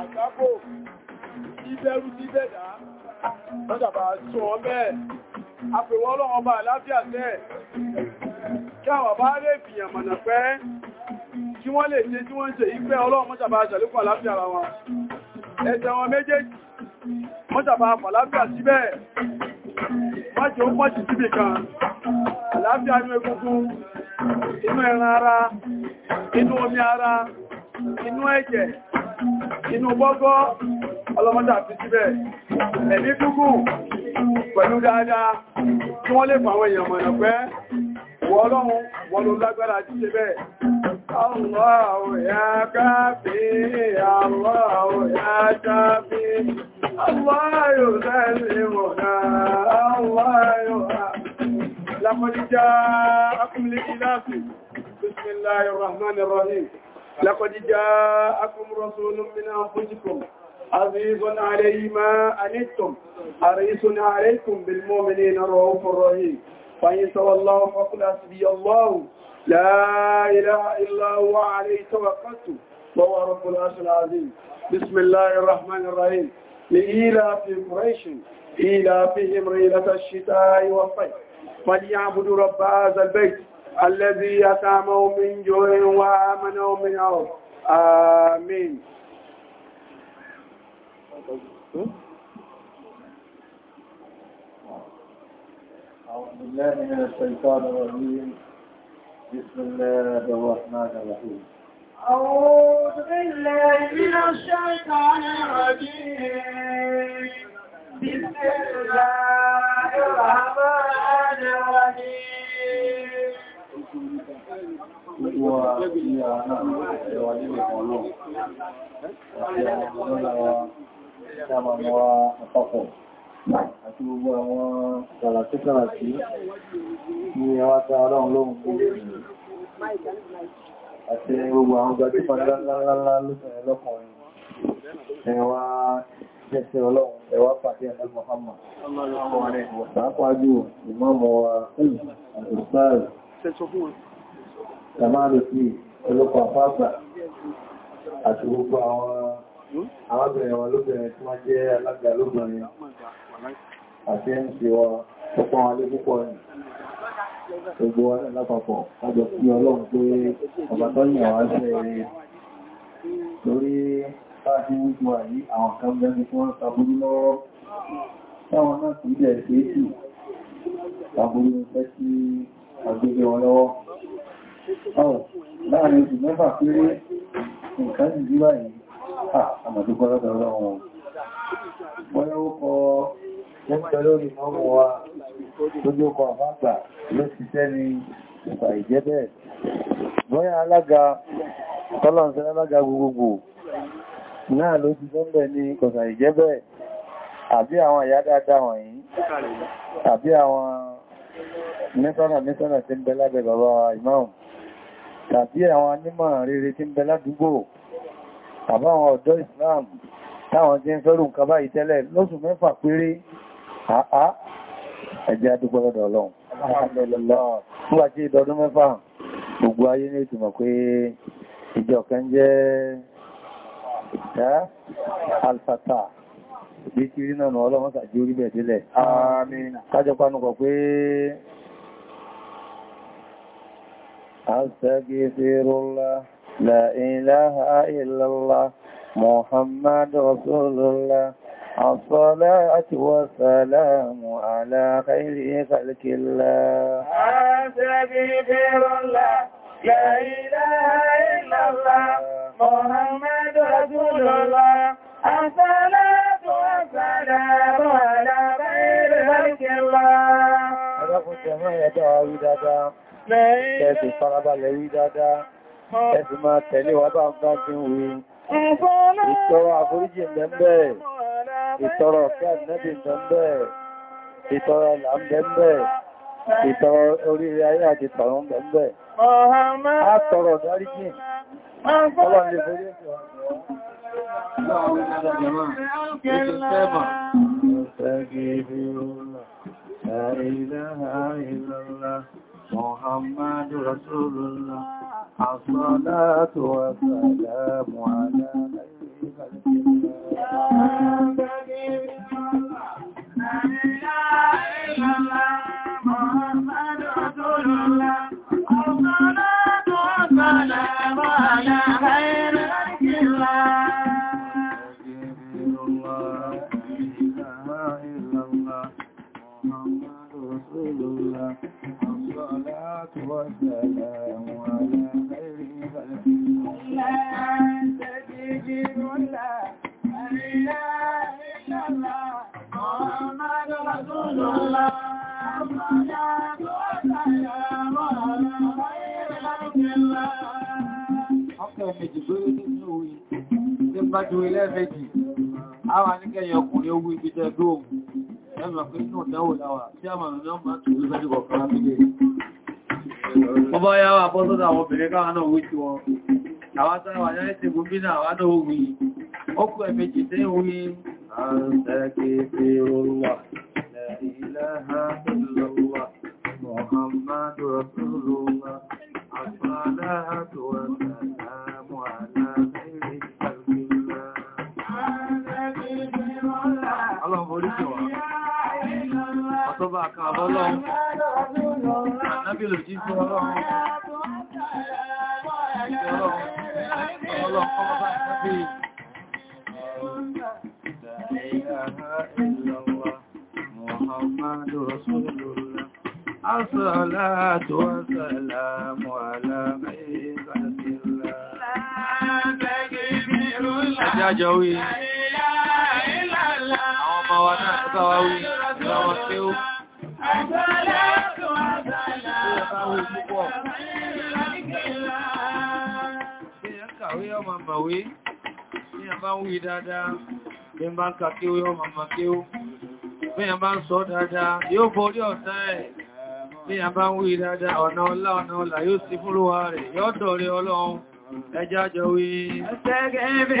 àgbábò ìbẹ̀rù ti bẹ̀dá lọ́jàbà sọ ọbẹ̀ àpèwọ́ ọlọ́run ọba àláfíà tẹ́ kí àwọn bá rẹ̀ fìyàn mọ̀nà pẹ́ kí wọ́n lè ṣe tí wọ́n ṣe ìfẹ́ ọlọ́run mọ́jàbà àṣàlékún àláfíà ara wọn ẹ̀sẹ̀ wọn méjèèjì mọ́jàbà àláfíà síbẹ̀ májò pọ́jì síbì kan àláfíà inú egungun inú ẹran ara inú omi ara inú ẹ̀jẹ̀ inú gbọ́gbọ́ ọlọ́mọdà fi síbẹ̀ ẹ̀mí gúgùn pẹ̀lú dáadáa kí wọ́n lè fàwọn èèyàn mọ̀nà pẹ́ wọ́lọ́run wọ́n lágbára ti ṣe bẹ́ẹ̀ Allahu ya kafi, Allahu ya Allahu yusallimuna, Allahu لقد جاءكم لإلاف بسم الله الرحمن الرحيم لقد جاءكم رسول من أنفسكم عزيز عليه ما أنتم حريص عليكم بالمؤمنين الرؤوف الرحيم فإن الله فقل حسبي الله لا إله إلا هو عليه توكلت وهو رب العرش العظيم بسم الله الرحمن الرحيم لإيلاف قريش إيلافهم ريلة الشتاء والصيف فليعبدوا رب هذا البيت الذي يطعمه من جوع وآمنه من عوف آمين أعوذ بالله من الشيطان الرجيم بسم الله الرحمن الرحيم أعوذ بالله من الشيطان الرجيم بسم الله الرحمن الرحيم gbogbo ní àwọn ẹwà nílẹ̀ kan náà àti àwọn ọlọ́lọ́wà tí a máa mọ́ àpapọ̀ àti gbogbo àwọn kàràkítàràkí ní ẹwà tí ọlọ́run lóhun àti gbogbo àwọn gbajúpadà lálálá lókùnrin lọ́kùnrin ẹwà ẹsẹ̀ ọlọ́run ẹwà pàdé ẹ̀lẹ́ Muhammad pàápàá jù ìmọ́mọ̀ wa ẹ̀lùsáàrì Tàmáàlù sí ọlọ́pọ̀ àfáàgbà àti gbogbo àwọn arábìnrin wọn lóbìnrin tí wọ́n jẹ́ alága lóbìnrin àti ń ṣe wọ pọ̀pọ̀ wọn lé púpọ̀ rẹ̀. Gbogbo wọn lápapọ̀, ọjọ́ sí ọlọ́run pé ọba tó yìn àwọn ṣe rẹ̀ lórí láti ń gbọ́ àyí àwọn kan bẹ́ni tí wọ́n sàbúrú lọ́wọ́. Táwọn náà sì ilẹ̀ ìfẹ́ sí àbúrú ìfẹ́ sí àgbègbè wọn lọ́wọ́ láàrin oṣù mẹ́fà péré nǹkan sì bí báyìí àmàdúgbọ́ lọ́dọ̀ ọlọ́run bọ́yá ó kọ lẹ́gbẹ̀ lórí mọ́mù wa lójú ọkọ̀ àfáàgbà ló ṣiṣẹ́ ní ìgbà ìjẹ́ bẹ́ẹ̀ bọ́yá alága tọ́lọ̀nsẹ́ alága gbogbogbò náà ló ti sọ́mbẹ̀ ní kọ̀sà ìjẹ́ bẹ́ẹ̀ àbí àwọn àyá dáadáa wọ̀nyí àbí àwọn mẹ́sànà mẹ́sànà tí ń bẹ lábẹ́ bàbá ìmáàmù tàbí àwọn anímọ̀ rere tí ń bẹ ládúgbò tàbí àwọn ọ̀dọ́ Islam táwọn jẹ́ ń fẹ́rù nǹkan báyìí tẹ́lẹ̀ lóṣù mẹ́fà péré àá ẹ̀jẹ́ àdúgbò lọ́dọ̀ Ọlọ́run nígbà tí ìdọdún mẹ́fà gbogbo ayé ní ìtumọ̀ pé ìjọ kan jẹ́ alfata bí ti rí náà Ọlọ́run sàjú orí bẹ̀ sílẹ̀ kájọ pánukọ̀ pé أستغفر الله لا إله إلا الله محمد رسول الله الصلاة والسلام على خير خلق الله أستغفر الله لا إله إلا الله محمد رسول الله الصلاة والسلام على خير خلق الله Kẹ́sì farabalẹ̀ wí dáadáa, kẹ́sì máa tẹ̀lé wa bá ń bá ti ń wí. Ìtọrọ àforíjì mẹ́mẹ́, ìtọrọ ọ̀fẹ́ àdínẹ́bì ìtọrọ لا إله إلا الله محمد رسول الله الصلاة والسلام على نبينا الله Ọba ya wà bọ́ sọ́dọ̀ àwọn obìnrin káwà náà wí na wọn. Àwọn àtàwà yá ẹ́sẹ̀ gómí náà wà náà wí. Ó kú tí ó wí. àtọ́bà kan àbọ́lọ́run ànábìlò jí sí ọlọ́run ọlọ́run kọ́ bá sábé محمد رسول الله الصلاة والسلام على ميزة الله تكبير الله لا إله إلا الله Kàwé ọmọ màwé ní àbá ń wí dáadáa, bí n bá ń sọ dáadáa, yóò borí ọ̀tá ẹ̀, bí n bá ń wí dáadáa, ọ̀nà ọlá ọ̀nà ọlá yóò sí fúnlúwà rẹ̀, yọ́dọ̀ rẹ̀ ọlọ́run ẹjá jọ wí. Ẹgbẹ́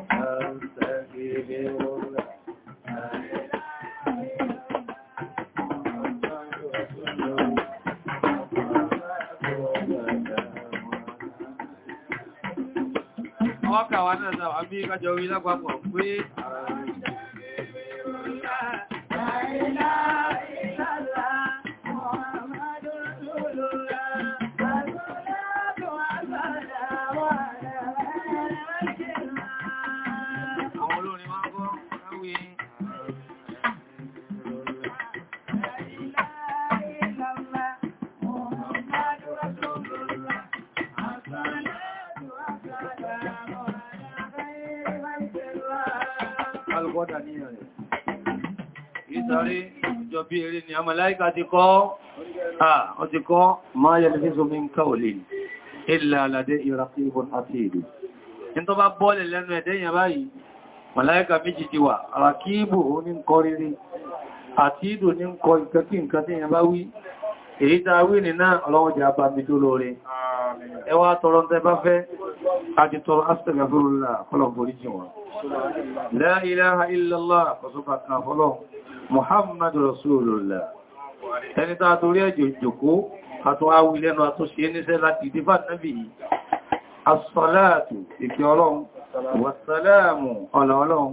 由于那环宝贵。rí jọ bí eré ni àmàláìkà ti kọ́ ọ ti kọ́ máa yẹ lẹ́fẹ́sọ mi ń ká ò lè ilẹ̀ aládé ìràkíbọn àti èdè ní tó bá bọ́ọ̀lẹ̀ lẹ́nu ẹ̀dẹ́yàn báyìí màláìkà méjì ti wà àràkíbò ní kọ́ rírí àti ìdò ní kọ ìkẹ́kí nǹkan tí yẹn bá wí èyí tọrọ tẹ bá fẹ́ àti tọrọ astaghfirullah kọlọ̀ borí jìn wọn la ilaha illallah kọsọ́kà kan fọ́lọ́wọ́ Muhammadu Rasulullah. Ẹni tàà torí ẹjọ ìjòkó, àtún awì lẹ́nu àtúnṣe níṣẹ́ láti ìdífà náàbì yìí. As-salatu, ìkẹ́ ọlọ́run, wàsàlámù ọ̀là ọlọ́run,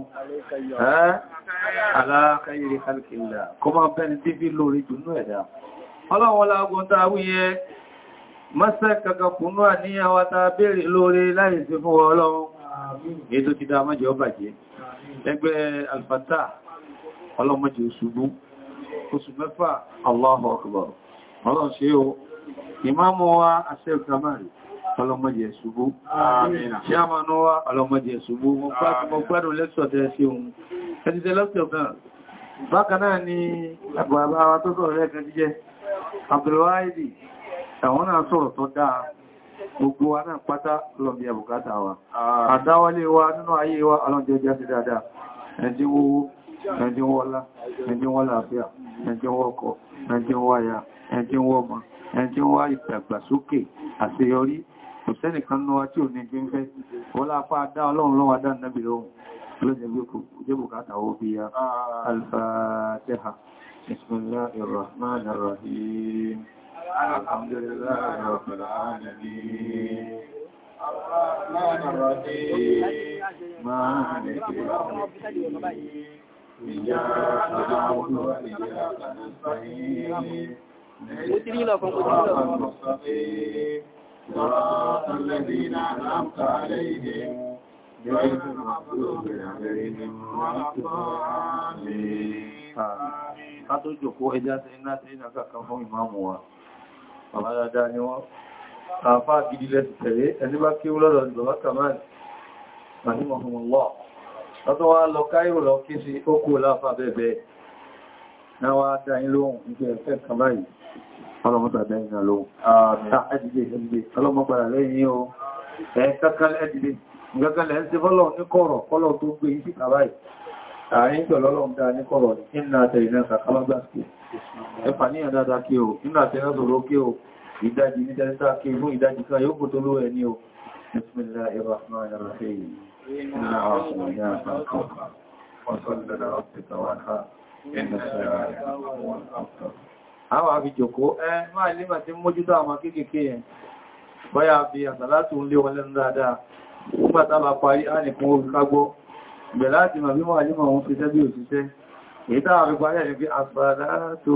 ala khayri khalqillah, kọ máa bẹ́ni tí fi lórí jùnú ẹ̀dá. Ọlọ́run lágún tàà wíyẹ, mọ́sẹ́ kankan kùnú àníyàwó tàà béèrè lórí láìsí fún ọlọ́run, ètò ti dá mọ́jọ bàjẹ́. Ẹgbẹ́ Al-Fattah ọlọ́mọdé òṣùgbó oṣù mẹ́fà Allahu Akbar ọlọ́run ṣe o ìmáàmù wa aṣẹ́ kamari ọlọ́mọdé ẹ̀ṣùgbó ṣíàmánú wa ọlọ́mọdé ẹ̀ṣùgbó mọ́ gbádùn lẹ́tọ̀ tẹ́ sí ohun náà ni àgbàbà wa tó sọ̀rọ̀ ẹ̀kan jíjẹ́ Abdulwahidi àwọn náà sọ̀rọ̀ tó dáa gbogbo wa náà pátá lọ́bí àbùkátà wa àdáwọlé wa nínú ayé wa ọlọ́njẹ́ jẹ́ sí dáadáa ẹ̀dínwó ẹjínwọ́lá ẹjínwọ́láàfíà ẹjínwọ́kọ̀ ẹjínwáyà ẹjínwọ́mọ ẹjínwá ìdàgbàsókè àṣeyọrí kò sẹ́nìkan náà tí ò ní jí ń fẹ́ wọ́lá apá dá ọlọ́run lọ́wọ́ dá nẹ́bì lọ́wọ́ lójẹ́bùkátà ó bí i al-Fatiha Bismillahir Rahmanir Rahim Alhamdulillahi Rabbil Alamin Ar-Rahmanir Rahim Maliki Yawmiddin وتري لكم وتري صراط الذين أنعمت عليهم غير المغضوب عليهم ولا الضالين ká tó jòkó ẹjá sí iná sí iná kankan fún ìmáàmù wa bàbá dáadáa ni wọ́n àfáà gidi lẹ́sì ẹni bá kí ó lọ́dọ̀ bàbá kamal rahimahumullah ọdún wá lọ káírò lọ kí sí ókú láfà bẹ́ẹ̀bẹ́ náà wá dáyín lóhun ìgbẹ̀ ẹ̀fẹ́ kan báyìí ọlọ́mọ́ta dáyín náà lóhun ah, ẹ̀dìdè ẹ̀dìdè ọlọ́mọ́gbàrà lẹ́yìn o ẹ̀ẹ́kẹ́kẹ́lẹ́ ẹ̀dìdè gẹ́gẹ́lẹ́ ń ṣe fọ́lọ̀ ní kọ̀rọ̀ kọ́lọ̀ tó gbé yìí síta báyìí àárín pẹ̀lú ọlọ́run dáa ní kọ̀rọ̀ nínú àtẹ̀ ìrìnà sàkálọ́gbà sí ẹ̀fà ní ẹ̀dáda kí o nínú àtẹ̀ ìrìnà sọ̀rọ̀ kí o ìdájì ní tẹ́lẹ́ta kí o ìdájì kan yóò kò tó ló ẹni o Bismillahirrahmanirrahim إلا عاصم جاءك الكوكب وصل لربك وانحر إن السماء هو الأبطر Àwọn àfijòkó ẹ máa lè máa ti mójútó àwọn kéèkéé ẹ̀. Bọ́yá bí àtàlátù ń lé wọn lẹ́nu dáadáa, nígbàtà bá parí á nìkan olùkágbọ́, bẹ̀ láti màá bí máa lè máa ń fi sẹ́ bí òṣìṣẹ́. Ìta àwọn ìparí ẹni pé àṣàlátò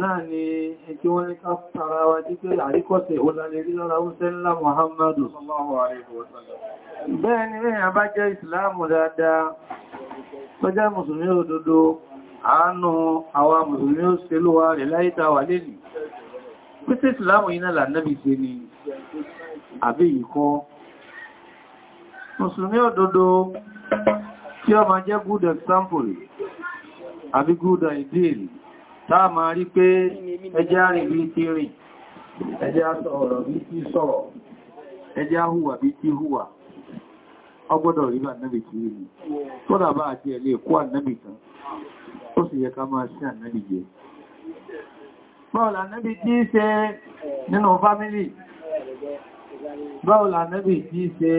náà ni tí wọ́n ní ká tara wa jí pé àríkọ́sẹ̀ olàlérí lára oúnjẹ ńlá Muhammadu bẹ́ẹ̀ ni rẹ̀ bá jẹ́ ìsìláàmù dáadáa tó jẹ́ mùsùlùmí òdodo àánú àwa mùsùlùmí ó ṣe ló wà rẹ̀ láyíta wà lè ní pítí ìsìláàmù iná lànàbì good example àbí good ideal táà máa rí pé ẹjẹ́ àrìn bí ti rìn ẹjẹ́ sọ̀rọ̀ bí ti sọ̀rọ̀ ẹjẹ́ hùwà bí ti hùwà ọgbọ́dọ̀ rí ànábì tí rí ni tó tí í ṣe nínú fámílì báwọ̀lá ànábì tí ṣe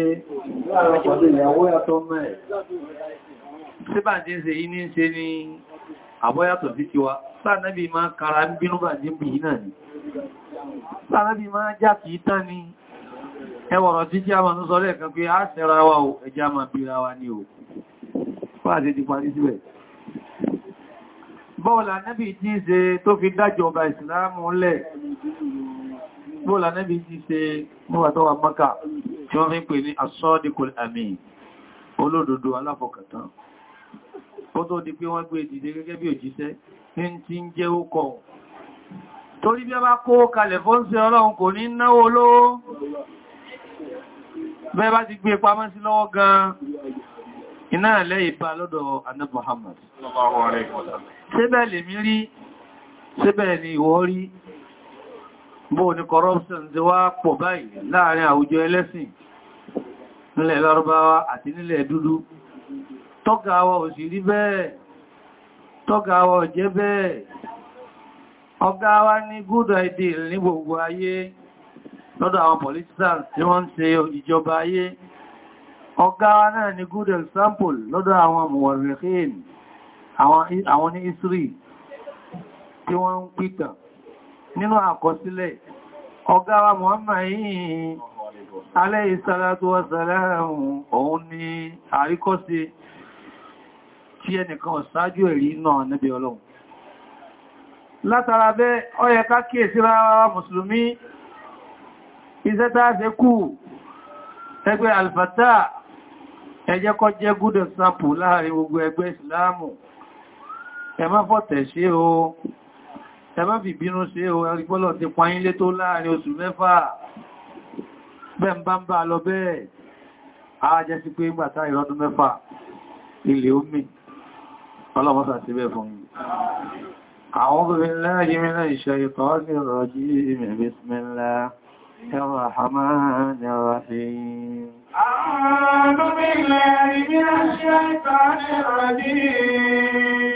pẹ̀lú ìyàwó ẹ̀tọ́ mẹ́ẹ̀ àbọ́yàtọ̀ sí tiwa sáànábì máa kara ń bínú bà ní bí náà ni sáànábì máa já kì í tán ni ẹwọ̀rọ̀ tí kí a máa sọ lẹ́ẹ̀kan pé a ṣẹ́ra wa o ẹjá máa bí ra wa ní o fáàdé ti parí síbẹ̀ bọ́ọ̀lá nẹ́bì tí ń ṣe tó fi dájọba ìsìláàmù lẹ̀ bọ́ọ̀lá nẹ́bì olódodo aláfọkàtán ó tó di pé wọ́n gbé dìde gẹ́gẹ́ bí òjíṣẹ́ ní ti ń jẹ́ ókọ̀ torí bí a bá kó kalẹ̀ fọ́nsẹ̀ ọlọ́run kò ní náwó olówó bẹ́ẹ̀ bá ti gbé pamọ́ sí lọ́wọ́ gan iná ilẹ̀ ìbá lọ́dọ̀ Ànábì Muhammad síbẹ̀ lè mí ni ìwọ rí bóò ni corruption ti wá pọ̀ báyìí láàrin àwùjọ ẹlẹ́sìn nílẹ̀ àti nílẹ̀ dúdú tọ́gà wa ò sì rí bẹ́ẹ̀ tọ́gà wa ò bẹ́ẹ̀ ọ̀gá wa ní good ideal ní gbogbo ayé lọ́dọ̀ àwọn politicians tí wọ́n ń ṣe ìjọba ayé ọ̀gá wa náà ní good example lọ́dọ̀ àwọn muwarrikhin àwọn ní history tí wọ́n ń pìtàn nínú àkọsílẹ̀ ọ̀gá wa Muhammad yìí alayhi salatu wa salam òun ni àríkọ́sí tí ẹnìkan ṣáájú ẹ̀rí náà níbi ọlọ́run látara bẹ́ ó yẹ ká kíyèsí rárá mùsùlùmí iṣẹ́ tàà ṣe kú ẹgbẹ́ alfata ẹjẹ́ kọ́ jẹ́ good example láàrin gbogbo ẹgbẹ́ ìsìláàmù ẹ má fọ̀tẹ̀ ṣe o ẹ má fi bínú ṣe o ẹgbọ́lọ̀ ti pàyínlé tó láàrin oṣù mẹ́fà bẹ́ẹ̀ lọ bẹ́ẹ̀ ààjẹ́ sí pé ń ìrọ́dún mẹ́fà ilẹ̀ omi ọlọ́mọ́ta ti bẹ́ fún mi أعوذ بالله من الشيطان الرجيم بسم الله الرحمن الرحيم أعوذ بالله من الشيطان الرجيم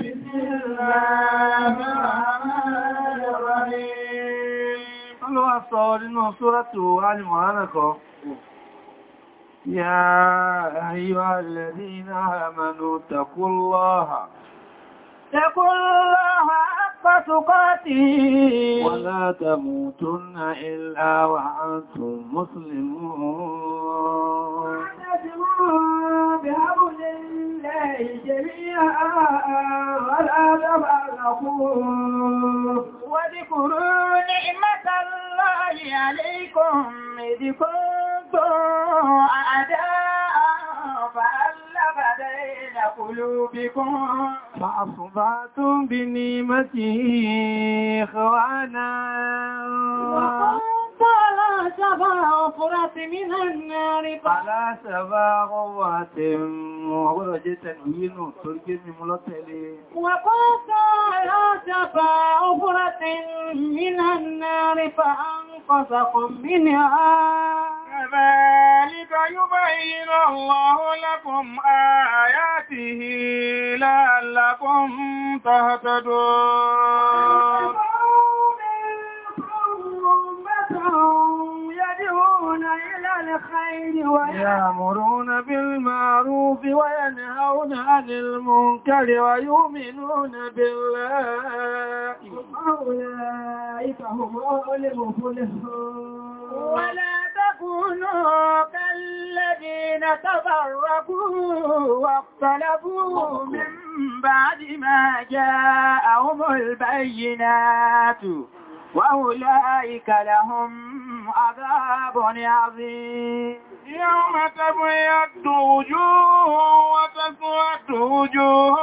بسم الله الرحمن الرحيم قالوا أصور إنه سورة آل معانكم يا أيها الذين آمنوا اتقوا الله اتقوا الله حق تقاته ولا تموتن إلا وأنتم مسلمون واعتصموا بحبل الله جميعا ولا تفرقوا واذكروا نعمة الله عليكم اذ كنتم أعداء فألف بين قلوبكم فأصبحتم بنيمته إخوانا وكنت على شفا فرات من النار على شفا غوات وغرجة تنوين تركي من ملتلي وكنت على شفا فرات من النار فأنقذكم منها كذلك يبين الله لكم آياته لعلكم تهتدون يدعون إلى الخير ويأمرون بالمعروف وينهون عن المنكر ويؤمنون بالله أولئك هم أولي المفلحون ولا تكونوا كالذين تفرقوا واختلفوا من بعد ما جاءهم البينات وأولئك لهم عذاب عظيم يوم تبيض وجوه وتسود وجوه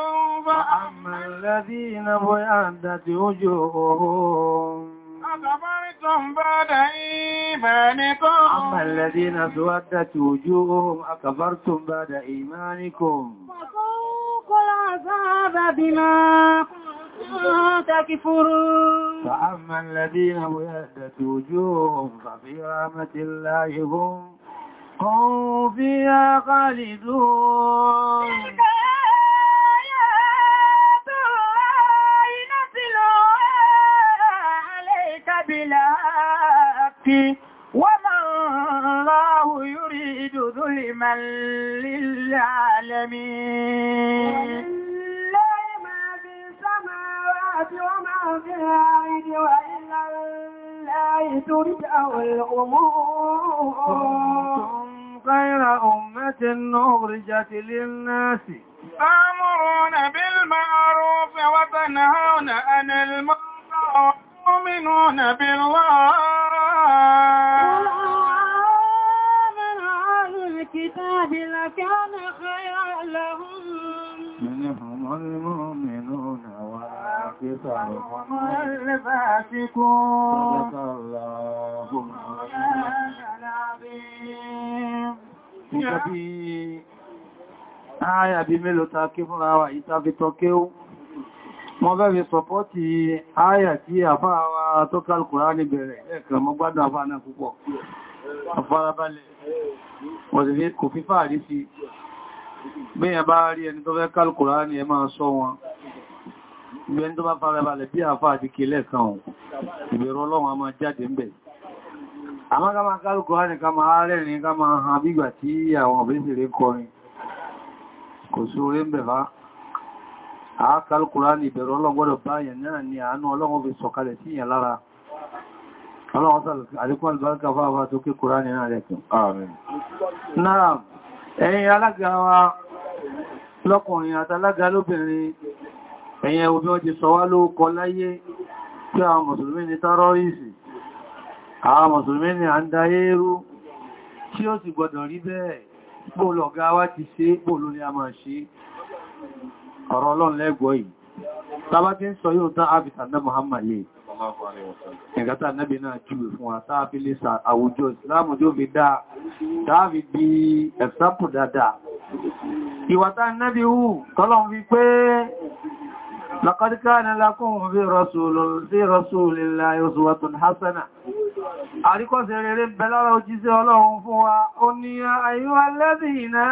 فأما الذين بيضت وجوههم كفرتم بعد إيمانكم أما الذين اسودت وجوههم أكفرتم بعد إيمانكم فذوقوا العذاب بما تكفرون فأما الذين ابيضت وجوههم ففي رحمة الله هم هم فيها خالدون بالحق وما الله يريد ظلما للعالمين لله ما في السماوات وما في الأرض وإلى الله ترجع الأمور خير أمة أخرجت للناس تأمرون بالمعروف وتنهون عن المنكر يؤمنون بالله وآمن أهل الكتاب لكان خيرا لهم منهم المؤمنون وكفرهم الفاسقون صدق الله العظيم Nígbàtí ààyà bí mélòó ta kí fúnra wa ìtàbí tọ́kéó wọ́n fẹ́ fi sọpọ́tì ayà tí àfáà wa tó kálùkùrá ní bẹ̀rẹ̀ ẹ̀kàn mọ́ gbádùn àfáà náà púpọ̀ àfarabalẹ̀ wọ́n sì fi kò fífà rí sí bẹ́yàn bá rí ẹni tó fẹ́ kálùkùrá ní ẹ máa sọ wọn ìgbẹ́ni tó bá farabalẹ̀ bí àfáà ti kí lẹ́ẹ̀kan ìbẹ̀rù ọlọ́run a máa jáde ń bẹ̀ àákàl kùránì ìbẹ̀rù ọlọ́gbọ́dọ̀ báyàn náà ni àánú ọlọ́run fi sọ̀kalẹ̀ sí ìyàn lára ọlọ́run àlékún albarka fáfá tó kí kùránì náà lẹ́kùn àmín náà ẹ̀yin alága wa lọ́kùnrin àtàlága lóbìnrin ẹ̀yin obi wọ́n ti sọ wá ló kọ láyé pé àwọn mùsùlùmí ni tárọ́rìsì àwọn mùsùlùmí ni à ń da eérú tí ó sì gbọdọ̀ rí bẹ́ẹ̀ bóòlọ̀gá wá ti a máa ọ̀rọ̀ ọlọ́run lẹ́gbọ́ yìí tàbá tí ń sọ yóò tán áfíta náà Muhammad lè ẹ̀gátà náàbì náà jùwẹ̀ fún wa tàbí lè sa àwùjọ ìsìláàmù tó fi dáa tàbí bí ẹ̀sápù dáadáa ìwàtà náàbì hù tọ́lọ́run fi pé لقد كان لكم في رسول في رسول الله اسوه حسنة àríkọ́ سيرين rere bẹ lára òjíṣẹ́ Ọlọ́run fún wa الذين ní يا alladhina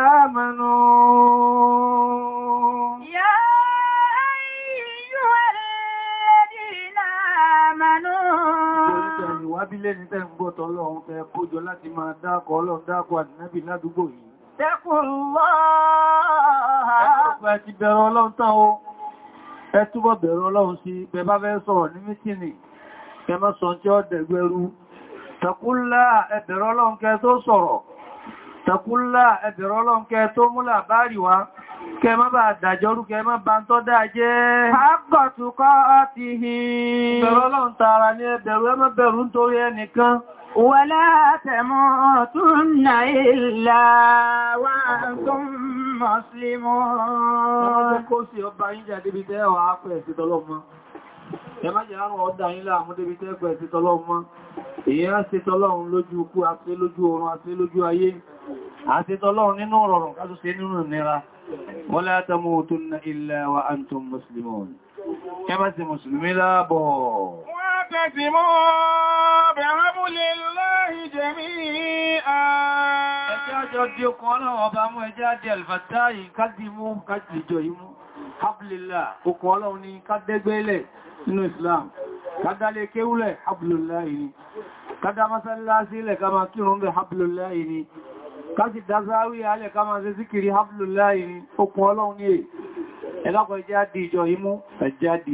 الذين yá àyíwá alladhina amanu ìwà bílẹ̀ ní tẹ́gbọ́tọ̀ Ọlọ́run fẹ́ kójọ láti máa dákọ̀ Ọlọ́run dákọ̀ àdínábì ládúgbò yìí tẹ́kùn lọ́ọ̀ ẹ túbọ̀ bẹ̀rù ọlọ́run sí bẹ̀bá fẹ́ sọ̀rọ̀ ní mítìnì kẹmọ́ sọ tí ó dẹ̀gbẹ̀rú tàkúlá ẹbẹ̀rù ọlọ́run kẹ tó múlà bárì wá kẹmọ́ bá dàjọ́rú kẹmọ́ bá ń tọ́ dáa jẹ́ àgọ̀tùkọ́ ti hìn bẹ̀rù ọlọ́run tààrà mọ́sílímọ́ ọ̀rọ̀ kó sí ọba ìjà débi tẹ́ wà á pẹ̀ sí tọ́lọ́mọ́ ẹmájẹ̀ àrùn ọ̀dá ilá àmú débi tẹ́ pẹ̀ sí tọ́lọ́mọ́ èyàn á sí tọ́lọ́run lójú ikú àti lójú oorun àti lójú ayé àti tọ́lọ́run nínú rọrùn kásù sí nínú nira wala tamutunna illa wa antum muslimun ẹmá sí mùsùlùmí láàbọ̀ wọ́n jọ di okun ọlọ́wọ́ ọba mú ẹjẹ́ àdí alfàtà yìí kádì mú kájìjọ imú hablillah okun ọlọ́run ni kádẹ́gbẹ́lẹ̀ nínú Islam kádálé kéwúlẹ̀ hablillah yìí kádá mọ́sánlásí ilẹ̀ ká máa kírun bẹ hablillah yìí kájì dázáwí alẹ̀ ká máa ṣe síkiri hablillah yìí okun ọlọ́run ni ẹ̀lọ́kọ̀ ẹjẹ́ àdí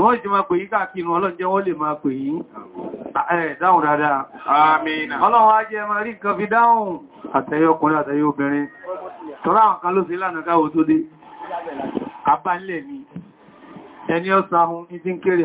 wọ́n jẹ́ ma pè yí káàkiri ọlọ́njẹ́ wọ́n lè ma pè yí dáhùn dáadáa ọlọ́run ajẹ́ máa rí nǹkan fi dáhùn àtẹ́yẹ ọkùnrin àtẹ́yẹ obìnrin tọ́rọ àwọn kan ló sí lánà káwò tó dé abánlẹ̀ ni ẹni ní tí ń kéré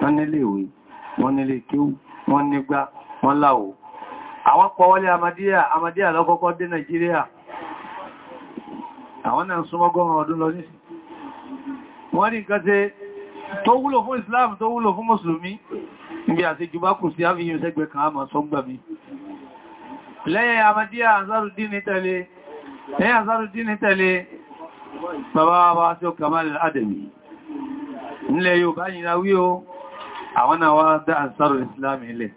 wọ́n nílé ìwé wọ́n nílé kéwú wọ́n nígbá wọ́n láwò àwọn pọ̀wọ́lé amadíyà amadíyà lọ́kọ́kọ́ dé Nàìjíríà àwọn náà súnmọ́gọ́rùn ọdún lọ nísì wọ́n rí nǹkan tẹ́ tó wúlò fún Islam tó wúlò fún Mùsùlùmí níbi àti jùbá kù sí àfihàn sẹ́gbẹ̀ kan àmà sọ́gbà mi lẹ́yìn amadíyà azárùdíní tẹ̀lé lẹ́yìn azárùdíní tẹ̀lé bàbá wa na wí o àwọn náà wá dá àǹsàrù islam ilẹ̀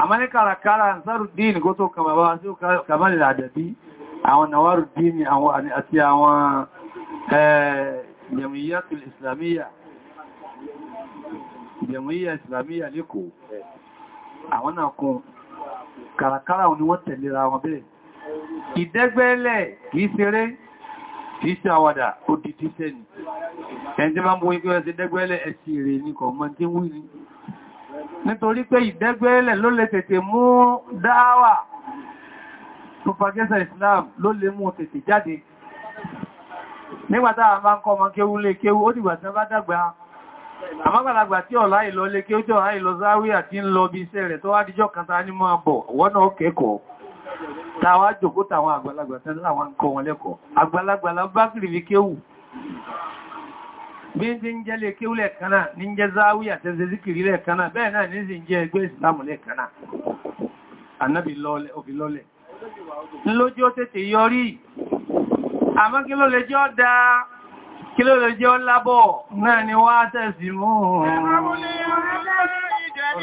àmọ́níkàràkàrà àǹsàrù dín kó tó kàbàbá sí kàbàlì àdàbí àwọn nàwárù dín àti àwọn jamiyatul islamiyya jamiyya islamiyya lẹ́kọ̀ọ́ àwọn náà kún kàràkàrà wọn ni wọ́n tẹ̀lera wọn bẹ́ẹ̀ kìí sí àwàdà ó di tí sẹ́ni ẹni tí máa ń bú ikú ẹsẹ dẹ́gbẹ́lẹ̀ ẹ̀sì rẹ̀ ní kọ̀mọ́ tí wú ní nítorí pé ìdẹ́gbẹ́lẹ̀ ló lè tètè mú dáwà propagation Islam ló lè mú tètè jáde nígbàtá àmá ń kọ́ ọmọ kéwú lé kéwú ó dìgbà tí wọ́n bá dàgbà àmọ́gbàlagbà tí ọ̀lá ìlọ lé kéwú tí ọ̀lá ìlọ záwíyà tí ń lọ bí iṣẹ́ rẹ̀ tó wá díjọ́ kan ta ní máa bọ̀ wọ́n náà kẹ́kọ̀ọ́ tàwà jòkó tàwọn àgbàlagbà tẹ́lẹ̀ àwọn ń wọn lẹ́kọ̀ọ́ àgbàlagbà kìrì ní kéwù bí ti ń jẹ́ lè kéwù lẹ́ẹ̀kanáà ní jẹ́ záwíyà tẹ́sẹ̀ síkìrí lẹ́ẹ̀kanáà bẹ́ẹ̀ náà ní jẹ́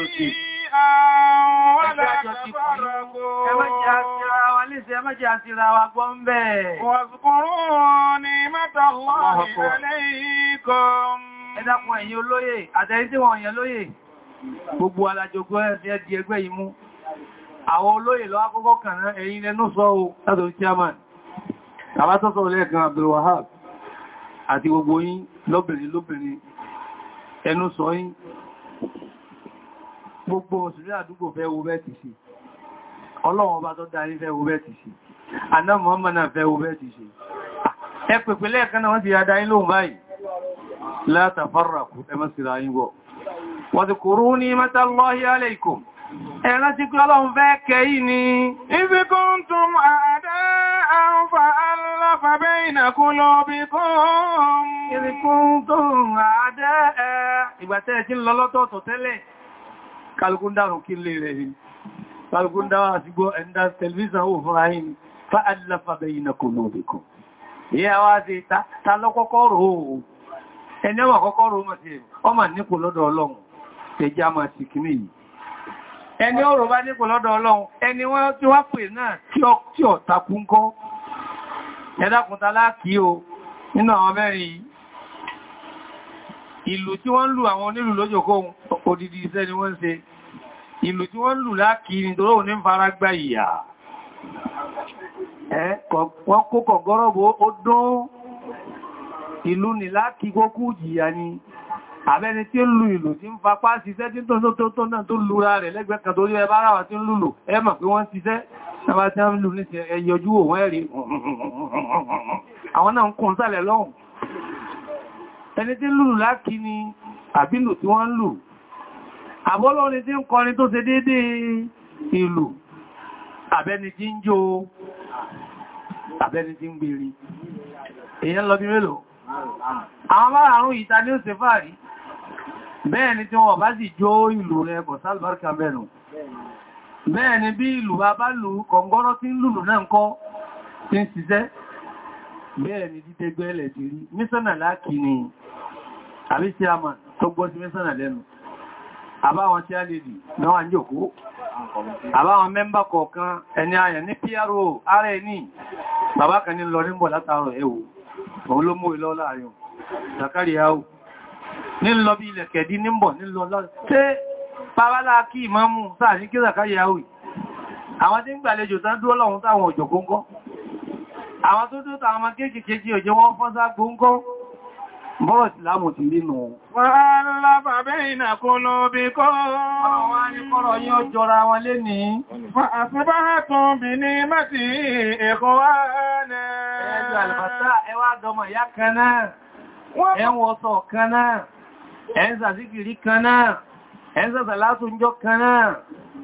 lè wọ́lá kàfàràkó. Ẹ má jẹ́ àtìrà wa gbọ́ ń bẹ̀. Wàsùkúrún ni mẹ́ta Allah ìrẹ́lẹ́ ikọ̀. Ẹ dákun ẹ̀yin olóyè, àtẹ́yìn tí wọ́n yẹn lóyè, gbogbo alájogún ẹ̀ di ẹgbẹ́ yìí mú. Àwọn olóyè lọ akọ́kọ́ kàn náà ẹ̀yin lẹ́nu sọ o, látòrí chairman. Tàbá tọ́sọ̀ lẹ́ẹ̀kan Abdul Wahab àti gbogbo yín lóbìnrin lóbìnrin, ẹnu sọ yín, gbogbo òṣèré àdúgbò fẹ́ wo bẹ́ẹ̀ ti ṣe ọlọ́run ọba tó darí fẹ́ wo bẹ́ẹ̀ ti ṣe àná mọ́mọ́ náà fẹ́ wo bẹ́ẹ̀ ti ṣe ẹ pèpè lẹ́ẹ̀kan náà wọ́n ti yàdá yín lóhun báyìí látàfàràkù ẹmọ́sìlá yín wọ́ wọ́n ti kòrò ní matallahi alaykum ẹ̀rán ti kí ọlọ́run ibi kuntum àdá àǹfà aláfà bayna qulubikum ibi kuntum tẹ́lẹ̀ kálukú dárùn kí lè rẹ̀ ni kálukú dáwà àti gbọ́ ẹ̀ndà tẹlifíṣàn wò fún fa aláfàbẹ̀ yìí na kò lóòdìkọ̀ yẹ́ a wá sí ta lọ́kọ́kọ́ rò ó ẹni ọmọ kọ́kọ́ rò ó mọ̀ sí ọmọ nípò lọ́dọ̀ ọlọ́run tẹjá máa sì kí nìyí ẹni ọ̀rọ̀ bá nípò lọ́dọ̀ ọlọ́run ẹni wọ́n tí wá pè náà tí ọ̀ takún kọ́ ẹ̀dàkùntà o nínú àwọn mẹ́rin ìlú tí wọ́n ń lù àwọn onílù lójókòó odidi iṣẹ́ ni wọ́n ṣe ìlú tí wọ́n lù lákìí tó ní fara gbá ìyà wọ́n kó kọ̀gọ́rọ̀bù ó dún ìlú ni lákìí kó kú jìyà ni àbẹ́ni tí ń lu ìlú tí ń fapá ṣiṣẹ́ tí tó tó tó náà tó lura rẹ̀ lẹ́gbẹ́ kan tó rí ẹbá ráwà tí ń lùlù ẹ mọ̀ pé wọ́n ṣiṣẹ́ náà tí ń lù ní ṣe ẹyọjú òun ẹ̀rí àwọn náà ń kún sálẹ̀ lọ́hùn ẹni tí lùlù lákìí ni àbílù tí wọ́n lù àbọ́lọ́rin tí ń kọrin tó ṣe dédé ìlú àbẹ́ni tí ń jó àbẹ́ni tí ń gbèrè èyàn lọ bí mélòó àwọn márùn-ún ìta ní ó ṣe fàárí bẹ́ẹ̀ni tí wọ́n bá sì jó ìlú rẹ̀ bọ̀ sálbárkà mẹ́nu bẹ́ẹ̀ni bí ìlú bá bá lù kọ̀ǹgọ́rọ́ tí ń lùlù náà ń kọ́ tí ń ṣiṣẹ́ bẹ́ẹ̀ni dídẹ́gbẹ́lẹ̀ ti rí mísọ́nà láàkì ni àbí àmà tó gbọ́ sí mísọ́nà lẹ́nu àbáwọn tí a lè lì náwà ń jòkó àbáwọn mẹ́mbà kọ̀ọ̀kan ẹni ayẹ̀ ní PRO ààrẹ ní bàbá kan ní lọ níbọ̀ látàrọ ẹwò òun ló mú ìlọ láàrin zakari hau ní lọ bí ilẹ̀ kẹ̀dí níbọ̀ nílọ láàrin àwọn tó dúró tàwọn kéèkèé jí òjò wọn fọ́n sá gbóǹkọ́ bọ́rọ̀ ìsìlámù ti wọ́n alábàbẹ́ ìnàkó ló bí kọ́ àwọn anìkọ́rọ̀ yí ó jọra wọn lé ní àṣíbáhàtún bí ní mẹ́tì ẹ̀kọ́ wá ní náà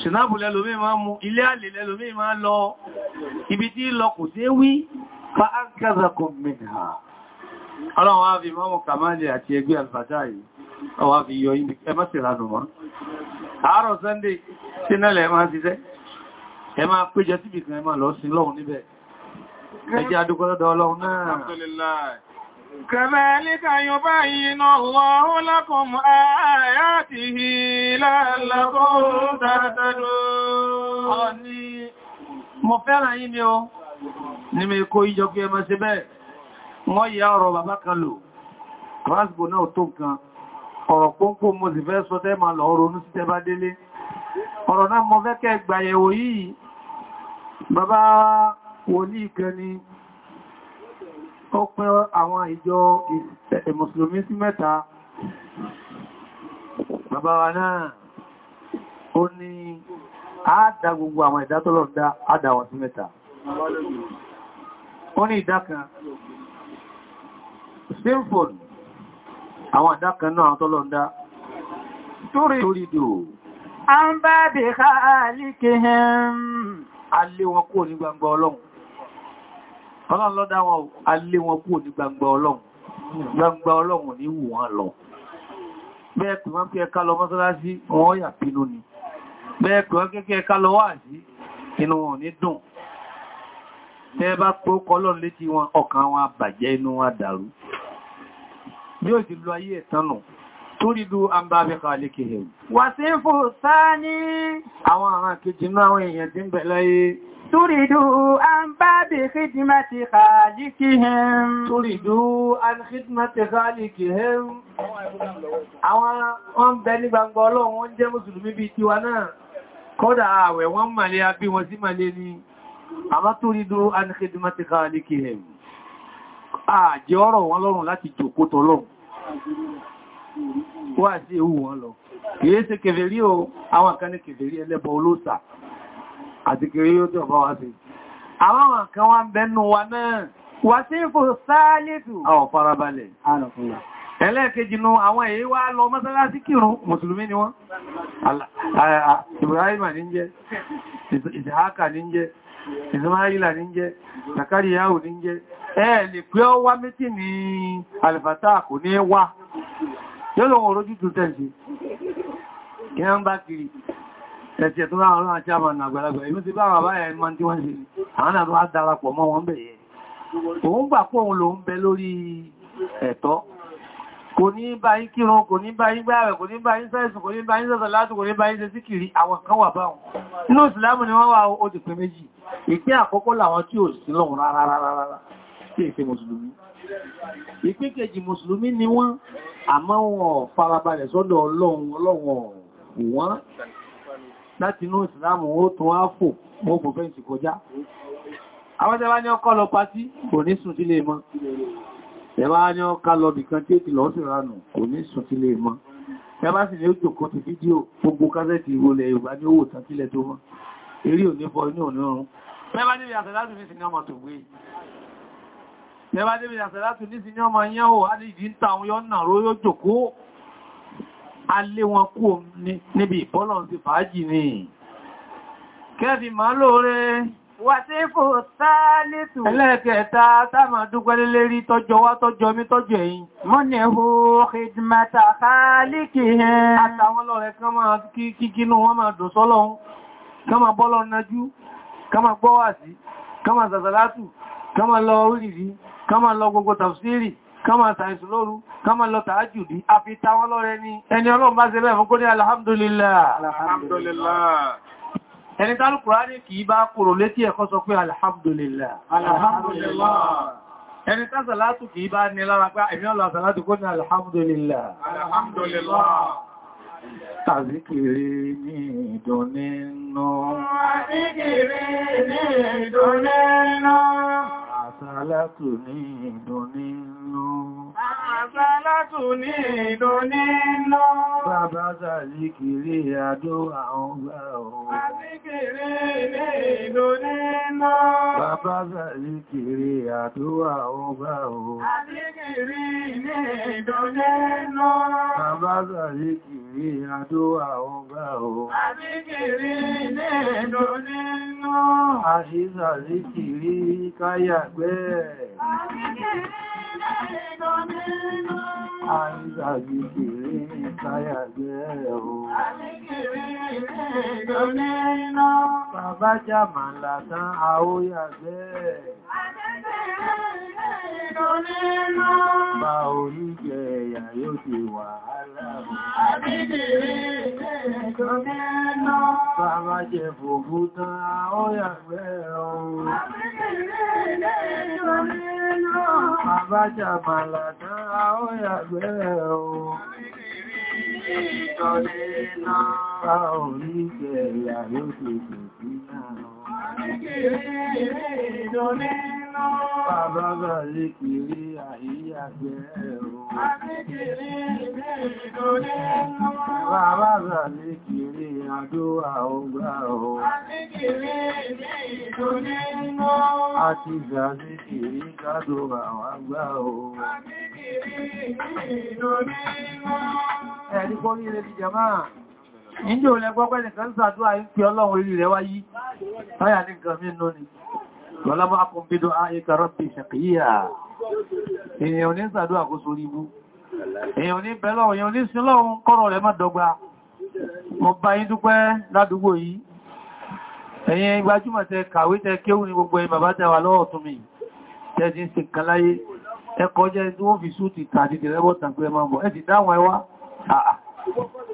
ṣìnáàbù lẹ́lòmí máa mú ilé àlè lẹ́lòmí máa lọ ibi tí lọ kò dé wí fa ágázà kọmìnà ọlọ́run á fi mọ́mù kàmáàlì àti ẹgbẹ́ alfàjá yìí ọwá fi yọ ibi ẹmọ́sìlánù wọn àárọ̀ sunday tí nẹ́lẹ̀ máa ṣiṣẹ́ ẹ máa péjọ síbìkan ẹ máa lọ sí lọ́hun níbẹ̀ ẹ jẹ́ adúgbọ́lọ́dọ̀ ọlọ́run náà كذلك يبين الله لكم آياته لعلكم تهتدون Mo fẹ́ràn yín ni ó, ní mi kó ìjọ pé ẹmọ sí bẹ́ẹ̀, wọ́n yá ọ̀rọ̀ bàbá kan lò, Glasgow náà tó nǹkan, ọ̀rọ̀ pọ́npọ́ mo sì fẹ́ sọ tẹ́ máa lọ ronú sí tẹ́ bá délé. Ọ̀rọ̀ náà mo fẹ́ kẹ́ gbàyẹ̀wò yìí, bàbá wòlíì kan ni, ó pín àwọn ìjọ mùsùlùmí sí mẹ́ta bàbá wa náà ó ní àádá gbogbo àwọn ìdá tó lọ́dá àdáwọn sí mẹ́ta ó ní ìdá kan simple àwọn ìdá kan náà tó lọ́dá torí ìdò a ń bá ní gbangba ọlọ́run ọlọ́run lọ́dá wọn alé wọn kúrò ní gbangba ọlọ́run gbangba ọlọ́run ní wù wọn lọ bẹ́ẹ̀ pẹ̀ wọ́n kí ẹka lọ mọ́sálásí wọn yà pínú ni bẹ́ẹ̀ pẹ̀ wọ́n kí ẹka lọ wáàsí inú wọn ní dùn tẹ́ bá pé ó kọlọ́n létí wọn ọkàn wọn àbàjẹ́ inú wọn dàrú bí ó ti lọ ayé ẹ̀tánù túrídú àmbábẹ́kà lékèhẹ̀ wà sí تريدوا عن باب خدمة خالقهم تريدوا عن خدمة خالقهم àwọn wọ́n bẹ ní gbangba ọlọ́run wọ́n jẹ́ mùsùlùmí bí tiwa náà kọ́dà ààwẹ̀ wọ́n màlẹ́ àbí wọn sí màlẹ́ ní àmá turidu an khidmati khaliqihim ààjẹ́ ọ̀rọ̀ wọn lọ́rùn láti jòkó tọ́lọ́run wà sí ewu wọn lọ kìí ṣe kèfèrí o àwọn kan àti kiri yóò jọ bá sí. Àwọn kan wá ń bẹnu wa náà, wà sí fò sáàlẹ́tù. Àwọ̀ farabalẹ̀. Ẹlẹ́ẹ̀kejì àwọn èyí wá lọ mọ́sálásí kírun, Mùsùlùmí ni wọ́n. Ibrahim ní jẹ́, Ìsìhákà ní ọwa wọ́n ẹ̀tì ẹ̀tọ́ láwọn ọlọ́run àti àmànà àgbàlagbà inú ti bá wà báyẹ̀ ẹ̀mọ́ tí wọ́n ṣe àwọn àbá darapọ̀ mọ́ wọn bẹ̀yẹ̀ òun gbà pọ̀ òun ló ń bẹ lórí ẹ̀tọ́ kò ní bá yí kírun kò ní bá yí gbáwẹ̀ kò ní bá yí sẹ́sùn kò ní bá yí sẹ́sọ̀ látù kò ní bá yí ṣe síkìrí àwọn kan wà báhùn inú ìsìlámù ni wọ́n wà ó ti pín méjì ìpín àkọ́kọ́ làwọn tí ò sí lọ́hùn rárá rárá tí èsè mùsùlùmí ìpín kejì mùsùlùmí ni wọ́n àmọ́ wọn farabalẹ̀ sọ́dọ̀ ọlọ́run láti inú ìsìlámù ó tún á fò mọ́ kò fẹ́ǹsì kọjá àwọn tẹ́wà ní ọkọ́ lọ pàtí kò ní sùn sílé mọ́ tẹ́wà ní ọkà lọ bìkan tí ètì lọ́sì ránù kò ní sùn sílé mọ́ tẹ́wà sì ní ó jòkó ti fídíò gbogbo kásẹ̀tì ìwọlẹ̀ Yorùbá ní owó tán sílẹ̀ tó mọ́ a lé wọn kú níbi ìbọ́lọ̀n ti fàájì ni kẹ́fì máa lóore wàtífò tálítù ẹlẹ́ẹ̀kẹta táàmà dúgbẹ́lé lérí tọ́jọ wá tọ́jọ mi tọ́jọ ẹ̀yìn mọ́nìhù khidmata khálíkì hẹn àtàwọn lọ́rẹ̀ kan máa kíkínú wọ́n máa dò sọ́lọ́un kan máa bọ́lọ́ nájú kan máa gbọ́wàsí kan máa zàzàlátù kan kama sàìsù lóru kama lọ tàájùdí àfi tàwọn lọ́rẹ ni ẹni ọlọ́run bá ṣe fún kó ní alhamdulillah alhamdulillah ẹni tàbí kùránì kìí bá kòrò létí alhamdulillah alhamdulillah ẹni tàbí sàlátù kìí bá ní lára pé ẹ̀mí alhamdulillah alhamdulillah Àzíkìrí ní ìdùnnú. Àzíkìrí sàlátù ní ìdùn nínú Àṣálátù ní ìlú nínú. Bàbá Zàzíkìrí àdó àwọn gbà ohun. Zàzíkìrí ní ìlú nínú. Bàbá Zàzíkìrí àdó àwọn gbà ohun. Zàzíkìrí ní ìlú nínú. Bàbá Zàzíkìrí àdó àwọn gbà ohun. Zàzíkìrí ní ìlú nínú. Àṣí Zàzíkìrí káyà gbẹ́ẹ̀. Zàzíkìrí Àìsàgbìkìrí ìkáyàgbẹ́ ẹ̀hùn. Bàbá jàmà látán àóyàgbẹ́ ẹ̀. Bá olùjẹ ẹ̀yà yóò ti wà aláàrùn. Àbídìrí ilẹ̀ tó mẹ́nà. Bá má jẹ fòfú tán, ó yàgbẹ́ ọ̀run. Àbídìrí ilẹ̀ tó mẹ́nà. Bàbá jàmàlà tán, ó yàgbẹ́ ọ̀run. Àbídìrí ilẹ̀ tó mẹ́nà. Bá olùjẹ ẹ̀yà yóò ti fòfú tán, ó Àbábà lè kìrí àìyàgbẹ́ ẹ̀rọ. Àbábà lè kìrí àjò àọgbà ọ̀. Àti ìjà sí kìrí kádò àwọn ohun. ọ̀. kọ́ ní ilẹ̀ ti jẹ máa. Ìjọ olè gbọ́gbẹ́ nìkan ń sàdúrà ń pè ọlọ́run orí rẹ̀ wáyí, táyà ní nǹkan mí nú ni. Lọ́lábá kún bí dọ́ áyíká rọ́pì ṣàkìyà. Èèyàn ò ní sàdúrà kó sórí ibú. Èèyàn ò ní bẹ̀lọ́, èèyàn ò ní sílọ́run kọ́rọ̀ rẹ̀ má dọ́gba. Mo bá yín dúpẹ́ ládùúgbò yìí. Ẹ̀yin gbajúmọ̀ tẹ kàwé tẹ kéwú ni gbogbo ẹ̀yin bàbá tẹ wà lọ́wọ́ tún mi. Tẹ́ ti ń ṣe kan láyé. Ẹ kọjá ẹni tí wọ́n fi súùtì tàbí tẹ̀lẹ́bọ̀ tàbí ẹ máa bọ̀. Ẹ ti dáwọn ẹwà.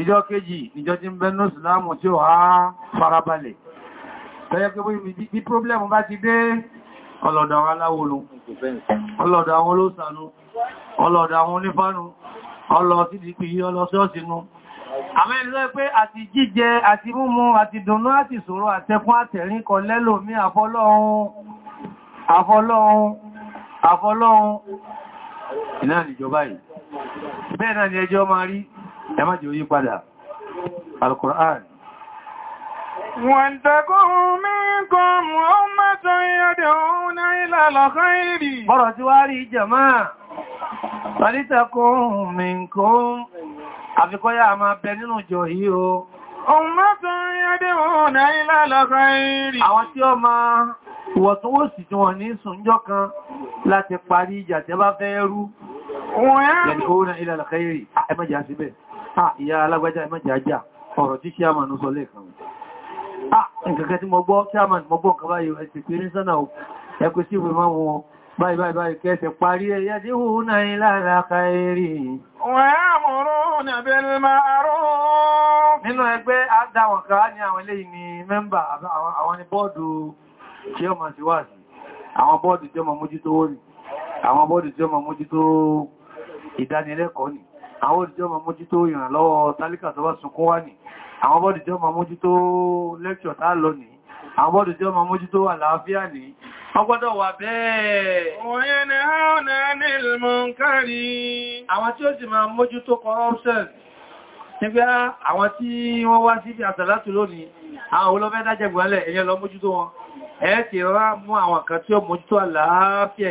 ìjọ kejì ìjọ tí ń bẹnú ìsìláàmù tí ó há farabalẹ̀ tẹ́yẹ pé bí problem bá ti dé ọlọ́dọ̀ àwọn aláwòlú ọlọ́dọ̀ àwọn olóòsànú ọlọ́dọ̀ àwọn onífánú ọlọ́sídìpì ọlọ́sọ́ọ̀sínú àmọ́ ẹni ló pé àti jíjẹ àti múmu àti dùnnú àti ìṣòro àtẹkún àtẹ̀rín kọ lẹ́lòmí àfọlọ́run àfọlọ́run àfọlọ́run ìnáà nìjọba yìí bẹ́ẹ̀ náà ni ẹjọ́ máa rí ẹ má jẹ́ ó yí padà Al-Qur'an wọ́n tẹ́kùn minkum ummatan yad'una ila al-khayri bọ́rọ̀ tí wá rí jàmáà Fàlítàkùn minkum àfikọ́yà a máa bẹ nínú jọ yìí o. Ummatan yad'una ila al-khayri. Àwọn tí ó máa ìwọ̀túnwòsì tí wọ́n ní sùnjọ́ kan láti parí ìjà tẹ́ bá fẹ́ rú. Wọ́n yá. Yad'una ila al-khayri. Ẹ má jà síbẹ̀ ìyá alágbájá ìmọ́jájá ọ̀rọ̀ tí chairman sọ lẹ́ẹ̀kan nǹkankan tí mo gbọ́ chairman mo gbọ́ nǹkan báyìí ẹ̀sì pé ní sọ́nà ẹkù sí ìwé máa wọn báyìí báyìí báyìí kẹsẹ̀ parí ẹ̀yà tí hù náà lára kairi nínú ẹgbẹ́ àdáwọn kan ní àwọn eléyìí ni mẹ́mbà àwọn ni bọ́ọ̀dù tí ó máa síwáàsì àwọn bọ́ọ̀dù tí ó máa àwọn bọ́ọ̀dù tí ó mójútó ìdánilẹ́kọ̀ọ́ ni àwọn òdìjọ́ ma mójútó ìrànlọ́wọ́ tálíkà tó bá sunkún wá ní àwọn bọ́dìjọ́ ma mójútó lẹ́kṣọ̀ tá lọ ní àwọn bọ́dìjọ́ ma mójútó àlàáfíà ní ọgbọ́dọ̀ wà bẹ́ẹ̀ àwọn tí ó sì ma mójútó corruption nígbà àwọn tí wọ́n wá síbi àsàlátù lónìí àwọn olóbẹ́ dájẹ̀gbọ́lẹ̀ ẹ̀yẹ lọ mójútó wọn ẹ̀ẹ́ ti rá mú àwọn kan tí ó mójútó àlàáfíà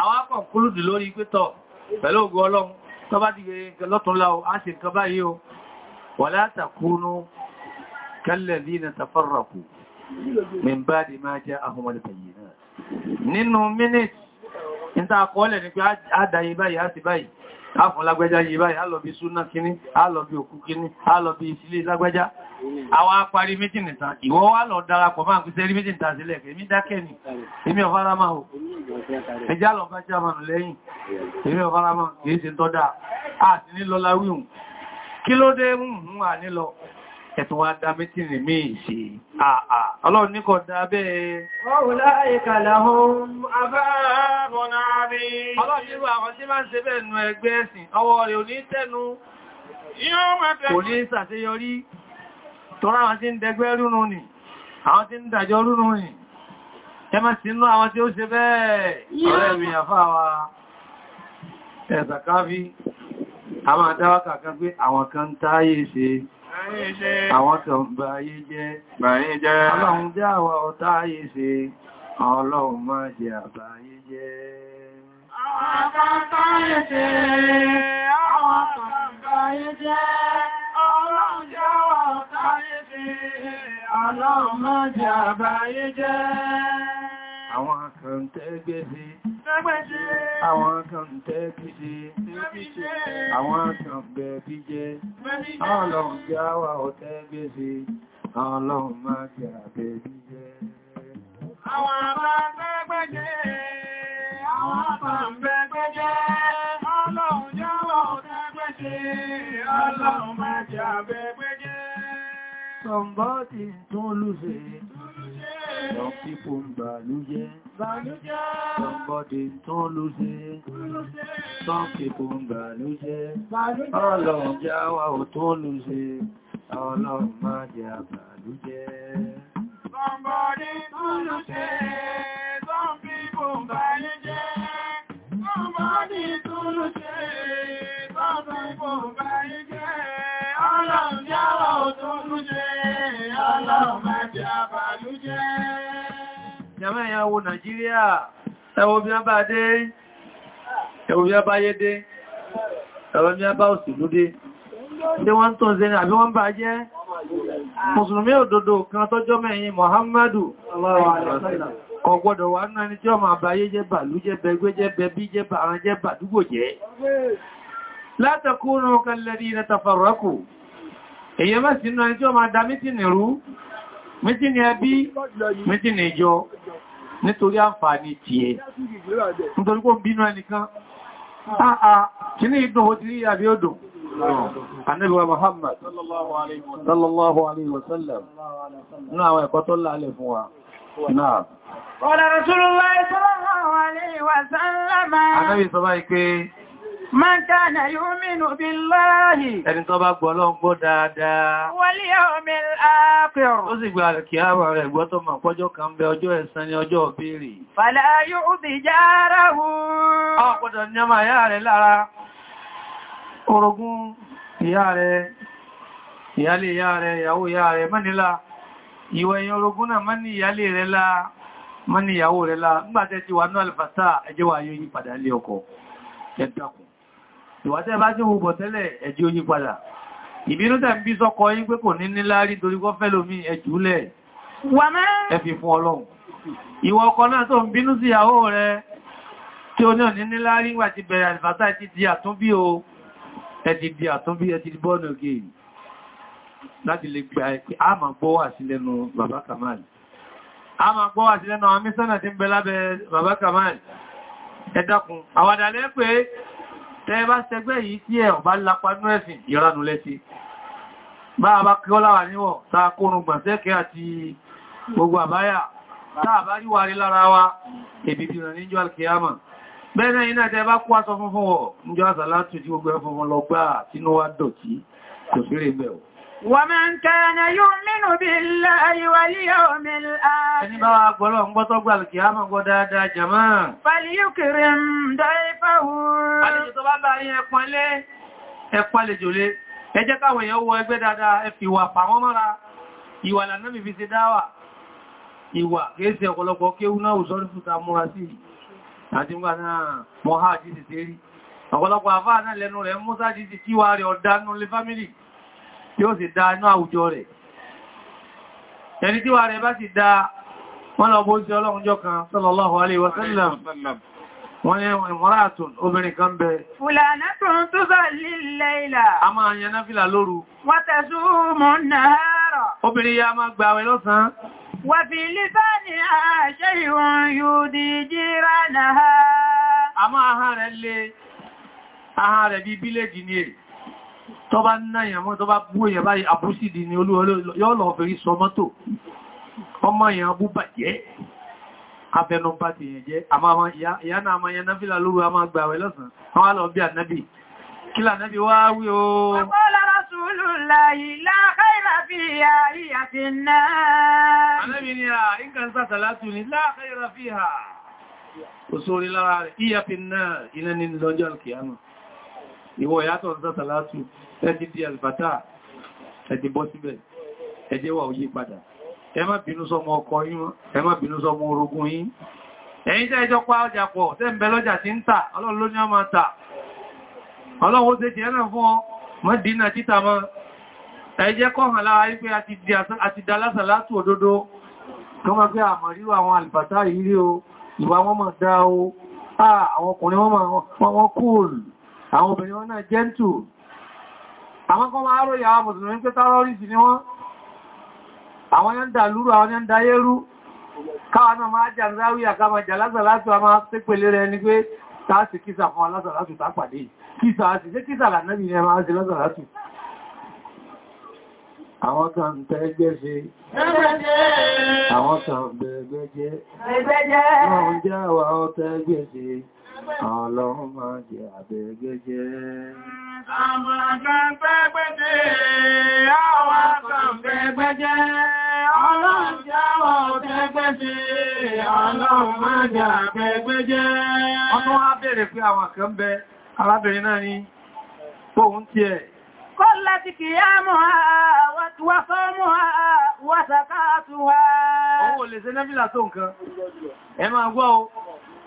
àwọn akọ̀ kúlùdì lórí pẹ́tọ̀ pẹ̀lú ògùn ọlọ́run tó bá di lọ́túnlá o a ṣe nǹkan báyìí o wala takunu kalladhina tafarraqu min ba'di ma ja'ahumul bayyinat nínú mínítì ní ta kọ́ọ̀lẹ̀ àfún lágbẹ́já yìí báyìí a lọ bí súnà kíní a lọ bí òkú kíní a lọ bí ìsílé lágbẹ́já àwọn apari mítìnì tán ìwọ wá lọ darapọ̀ máa ń pèsè rí mítìnì tàn sílẹ̀ èmi dákẹ́ ni èmi ọ̀fárá máa hù ẹjá lọ bá já mọ̀nù lẹ́yìn èmi ọ̀fárá ẹ̀tún wá dá mítìrì míì sí àà ọlọ́run ní kọ̀ dá bẹ́ẹ̀ ọ̀hùlá ìkàlà ohun abáàmọ̀nà rí ọlọ́run nínú àwọn tí máa ń ṣe bẹ́ẹ̀ nù ẹgbẹ́ ẹ̀sìn ọwọ́ rẹ̀ ò ní tẹ́nu kò ní ṣàṣeyọrí tọ́rọ àwọn tí ń dẹgbẹ́ rúnú nì àwọn tí ń dàjọ rúnú nì ẹ má sí inú àwọn kan bá ayé jẹ́ ọlọ́run jẹ́ àwa ọ̀tá ayé ṣe ọlọ́run má jẹ́ àbá ayé jẹ́ àwọn ọlọ́run jẹ́ àwa ọ̀tá ayé jẹ́ àwọn kan tẹ́gbẹ́ sí àwọn kan tẹ́kìdí àwọn kan bẹ̀ẹ̀bí jẹ́ àwọn lọ jáwà ò tẹ́gbẹ́ sí àwọn lọ máa jẹ́ àbẹ̀bí jẹ́ àwọn bá tẹ́gbẹ́ jẹ́ àwọn bá ń bẹ̀ẹ̀gbẹ́ jẹ́ ọlọ́run jáwà ò tẹ́gbẹ́ sí ọlọ́run máa jẹ́ àbẹ̀bí somebody to lose it, some people ń bàlújẹ́ somebody to lose it, some people ń bàlújẹ́ ọlọ́run to lose it, tún lùsẹ̀ ọlọ́run to lose it. somebody to lose it, some people ń bàlújẹ́ jẹ́mẹ́ ìyàn wo Nàìjíríà ẹwọ bí wọ́n bá dé ẹwọ bí wọ́n bá yé dé ẹwọ bí wọ́n bá òṣèlú dé tí wọ́n tó ń zẹni àbí wọ́n bá jẹ́ mùsùlùmí òdodo kan tọ́jọ́ mẹ́yìn Muhammadu kò gbọ́dọ̀ wà náà ní tí ọmọ àbáyé jẹ́ bàlú jẹ́ bẹgbẹ́ jẹ́ bẹbí jẹ́ bàrán jẹ́ bàdúgbò jẹ́ látàkúrùn kan lẹ́rí ilẹ̀ tàfàrọ́kù èyẹ mẹ́sìn náà ní tí ọmọ adámítì nìrú mítí ni ẹbí mítí ni ìjọ nítorí àǹfààní ti ẹ̀ nítorí kó bínú ẹnìkan àà kí ní ìdùn ó ti rí àbí ó dùn Ànílùwà Muhammad sallallahu alaihi wasallam náà àwọn ẹ̀kọ́ tó lálẹ̀ fún wa náà. Man kana yu'minu billahi. Ẹni tó bá gbọ́ lọ́n gbọ́ dáadáa. Wal yawmil akhir. Ó sì gba àkíyàwó rẹ̀ gbọ́ tó mọ̀ pọ́jọ́ kan bẹ ọjọ́ ẹ̀san ní ọjọ́ òbírí. Fala yu'dhi jarahu. Ọ̀pọ̀dọ̀ ni ọmọ ìyá rẹ̀ lára. Orogún ìyá rẹ̀, ìyálé ìyá rẹ̀, ìyàwó ìyá rẹ̀, ìwàtẹ́ bá tí ó bọ̀ tẹ́lẹ̀ ẹ̀jì oyin padà ìbínú tẹ́ bí sọ́kọ yín pé kò ní níláárí torí kọ́ fẹ́ lómi ẹjùlẹ̀ ẹfì fún ọlọ́run ìwọ ọkọ náà tó ń bínú sí ìyàwó rẹ tí ó ní níláárí o ẹti di àtúnbí ẹti di bọ́ọ̀nù ògè láti lè gbà pé a máa gbọ́ wà sí lẹ́nu bàbá Kamal a máa gbọ́ wà sí tẹ́ bá ṣẹgbẹ́ yìí tí ẹ̀ ọ̀bá lápanú ẹ̀sìn ìranù lẹ́sí bá a bá kíọ́ láwà níwọ̀ táa kórùn gbàṣẹ́kẹ́ àti gbogbo àbáyà táà bá ríwà rí lára wa èbì bí rẹ̀ alkiyama bẹ́ẹ̀ iná tẹ́ bá kó aṣọ funfun wọ̀ níjọ́ àsàlátù tí gbogbo ẹ̀ funfun lọ gbáà ومن كان يؤمن بالله واليوم الآخر فليكرم ضيفه Ẹ jẹ́ káwọn èèyàn wọ ẹgbẹ́ dáadáa ẹ ìwà pàwọn mọ́ra, ìwà lànà mi fi ṣe dáwà, ìwà kéèsì ọ̀pọ̀lọpọ̀ kéhù náà ò fúta múra sí àti múra náà mọ́ ha jí ti Ọ̀pọ̀lọpọ̀ yóò sì dá inú àwùjọ rẹ̀ ẹni tí wà rẹ̀ bá sì dá wọ́n lọ bó sí ọlọ́run jọ kan sallallahu alaihi wasallam wọ́n ní ìmọ́ràtùn obìnrin kan bẹ fulanatun tusallil layla a máa yan náfìlà lóru wa tasumun nahara obìnrin rẹ̀ lé ahàn rẹ̀ bí bíléèdì ní èyí tó bá náyàn mọ́ tó bá bú èyàn báyìí àbúsìdì ni olúwọlé yọ́ lọ fèrí sọ mọ́tò ọmọ èyàn bú bàjẹ́ abẹnubá ti yẹn jẹ́ ìyá náà ma yẹn náfílà lóru a máa gbàwẹ̀ lọ́sàn àwọn alọ́ bí ànábì kí lànábì wá wí o Òṣòrí lára rẹ̀, ìyàfin náà ilẹ̀ ni lọ́jọ́ alkìyàmù. Ìwọ̀ ìyàtọ̀ ń sátàlátù ẹ̀dì di albata ẹ̀dì bọ́ síbẹ̀ ẹjẹ́ wà òyí padà ẹ má bínú sọmọ ọkọ yín ẹ má bínú sọmọ orogún yín ẹ̀yin tẹ́ ẹjọ́ pa ọjà pọ̀ tẹ́ ń bẹ lọ́jà tí ń tà ọlọ́run ló ní ọmọ tà ọlọ́run ó ṣe jẹ́ náà fún ọ mọ́ dínà títà mọ́ ẹjẹ́ kọ́hàn lára wípé àti dalásà látò òdodo tó máa gbé àmọ̀ríwò àwọn àlìbàtà ìrí o ìwà wọn máa dá o ah, àwọn ọkùnrin wọn máa wọn kúùlù àwọn obìnrin wọn náà gentle àwọn kan máa ròyìn àwọn mùsùlùmí pé tárọ́rìsì ni wọ́n àwọn yẹn ń dà lúrù àwọn yẹn ń dayé rú káwọn náà máa jà ráwí àkàmà jà lásàlásù a máa pé pèlé rẹ ní pé tàásì kísà fún alásàlásù tápàdé kísà á sì ṣe kan tẹ́gbẹ́ ṣe àwọn kan bẹ̀ẹ̀gbẹ́ jẹ́ wọ́n jẹ́ àwọn tẹ́gbẹ́ ṣe ọlọ́run Àmọ̀gán pẹ́gbẹ́jẹ́, ọlọ́run wá bèèrè àwọn kan bẹ, arábìnrin náà pòun ẹ̀. sàkáàtù lè ṣe nẹ́bílà tó nǹkan. Ẹ máa gbọ́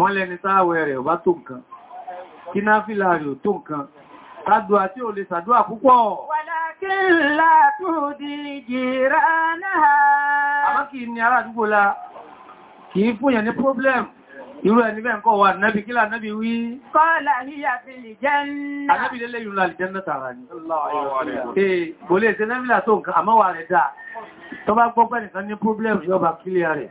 wọ́n lẹ́ni táàwẹ̀ rẹ̀ ọba tó nǹkan kí náfílà rẹ̀ ò tó nǹkan Sàdúwà tí ò lè sàdúwà púpọ̀. Wàlákínlá tó di jìrá náà. Àmọ́ kìí ni ará àdúgbò la, kìí fúnyẹ̀ ní problem. Irú ẹni bẹ́ẹ̀ kọ́ wà nábi kílà nábi wí. Kọ́lá híyà fi lè jẹ́nà. Ànábì lélẹ̀ yìí lọ àlìjẹ́nà tààrà ni. Ee, ní problem yọba kílẹ̀ rẹ̀.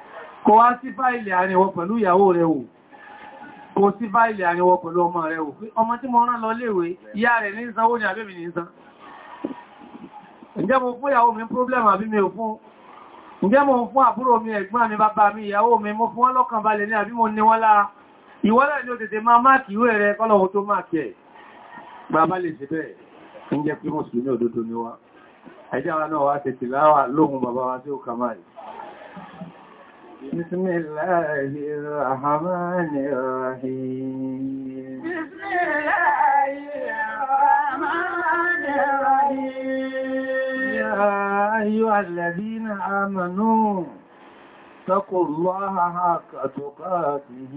kò wá sí fáìlì àríwọ pẹ̀lú ìyàwó rẹ̀ wò kò sí fáìlì àríwọ pẹ̀lú ọmọ rẹ̀ wò ọmọ tí mo rán lọ léèwé ìyá rẹ̀ ní sanwó ní àbẹ́mì ní san ǹjẹ́ mo fún ìyàwó mi problem àbí mi ò fún ǹjẹ́ mo fún àbúrò mi ẹ̀gbọ́n mi bàbá mi ìyàwó mi mo fún wọn lọ́kàn balẹ̀ ní àbí mo ní wọ́n lára ìwọ́lẹ̀ ni ó tètè máa máàkì ìwé rẹ̀ kọ́lọ̀wọ́ tó máàkì ẹ̀ bàbá lè ṣe bẹ́ẹ̀ ǹjẹ́ pé mùsùlùmí òdodo ni wá ẹjẹ́ wa náà wá ṣe tìláwà lóhun bàbá wa tí ó kà máa بسم الله الرحمن الرحيم بسم الله الرحمن الرحيم يا أيها الذين آمنوا اتقوا الله حق تقاته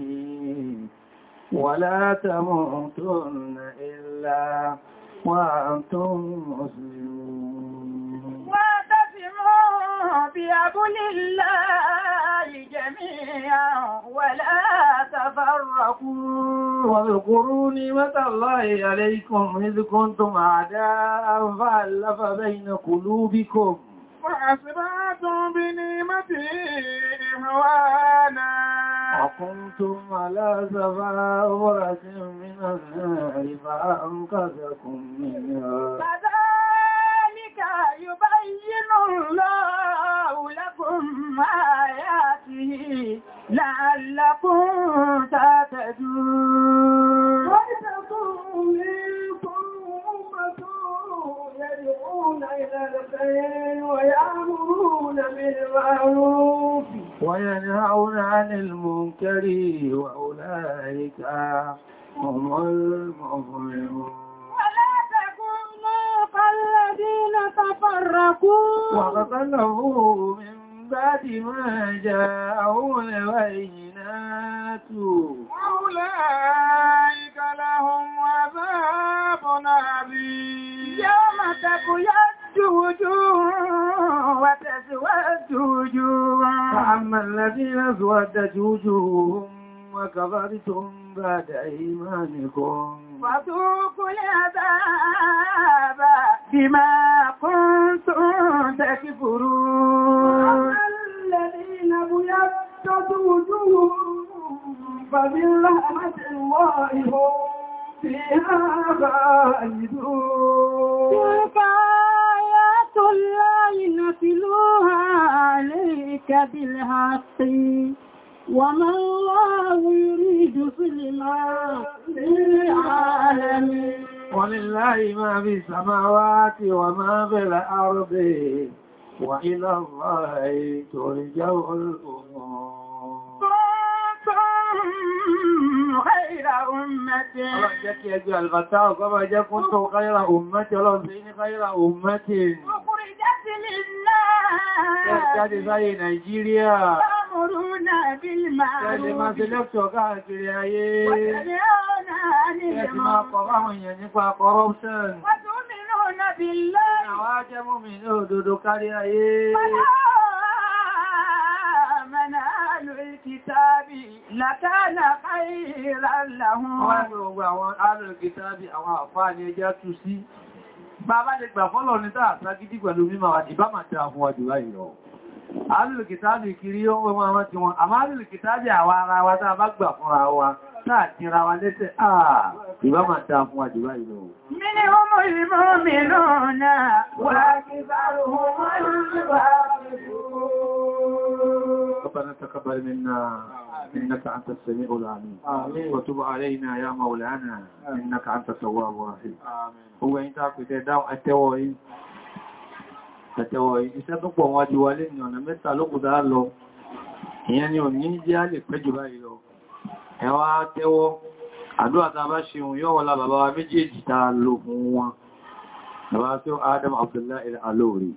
ولا تموتن إلا وأنتم مسلمون واعتصموا بأبو الله جميعا ولا تفرقوا واذكروا نعمة الله عليكم إذ كنتم أعداء فألف بين قلوبكم وأصبحتم بنعمته إخوانا وكنتم على سفا أمرة من النار فأنقذكم منها كذلك يبين الله لكم آياته لعلكم تهتدون ولتكن منكم أمة يدعون إلى الخير ويأمرون بالمعروف وينهون عن المنكر وأولئك هم المؤمنون الذين تفرقوا واختلفوا من بعد ما جاءوا الوينات أولئك لهم عذاب عظيم يوم تبيض وجوه وتسود وجوه فأما الذين ازودت وجوههم وكفرتم بعد إيمانكم فذوقوا العذاب بما كنتم تكفرون الذين بيضت وجوههم فبالله الله هم فيها خالدون تلك آيات الله نتلوها عليك بالحق وما الله يريد في الماء للعالمين ولله ما في السماوات وما في الأرض وإلى الله ترجع الأمور Ọlọ́run jẹ́ kí ẹjọ́ àlbàtà ọgọ́bà jẹ́ kún tó káyíra òmẹ́tì ọlọ́run tí ní káyíra òmẹ́tì. Ọkùnrin jẹ́ sí lè náà. Ẹ ya'muruna bil ma'ruf ẹni máa ṣe lẹ́kṣọ̀ káàkiri ayé ẹni máa kọ̀ báwọn èèyàn nípa corruption wọ́n tún mìíràn nàbí lẹ́yìn àwọn ajẹ́mú mi ní òdodo kárí ayé kìtàbì lákàánà káìrà láhún. Wọ́n ní gbogbo àwọn ààrẹ kìtàbì àwọn àfáà ní ẹjá tú sí. Bàbá lè gbà fọ́lọ̀ ní tàà sagídí pẹ̀lú mímọ̀ àdìbá màtà fún àjùwá ìrọ̀. ha. kiri ohun àwọn tí wọn àmá alìlùkìtàbì àwa ara wa tá bá gbà fúnra wa táàkìra wa àà ìbá máa ta fún àjìbá ìlú Mínú ọmọ ìlú mìíràn náà wà kí bá rùn wọ́n lè wà ربنا تقبل àtẹ̀wọ̀ iṣẹ́ tó pọ̀ wájú wa lé ní ọ̀nà mẹ́ta lókùdá lọ ìyẹn ni ò ní jẹ́ lè pẹ́jù báyìí lọ ẹwà tẹ́wọ́ àdúrà tá bá ṣe òun yọ́wọ́lá bàbá wa méjèèjì tá lókun wọn bàbá tí Abdullah al-Alori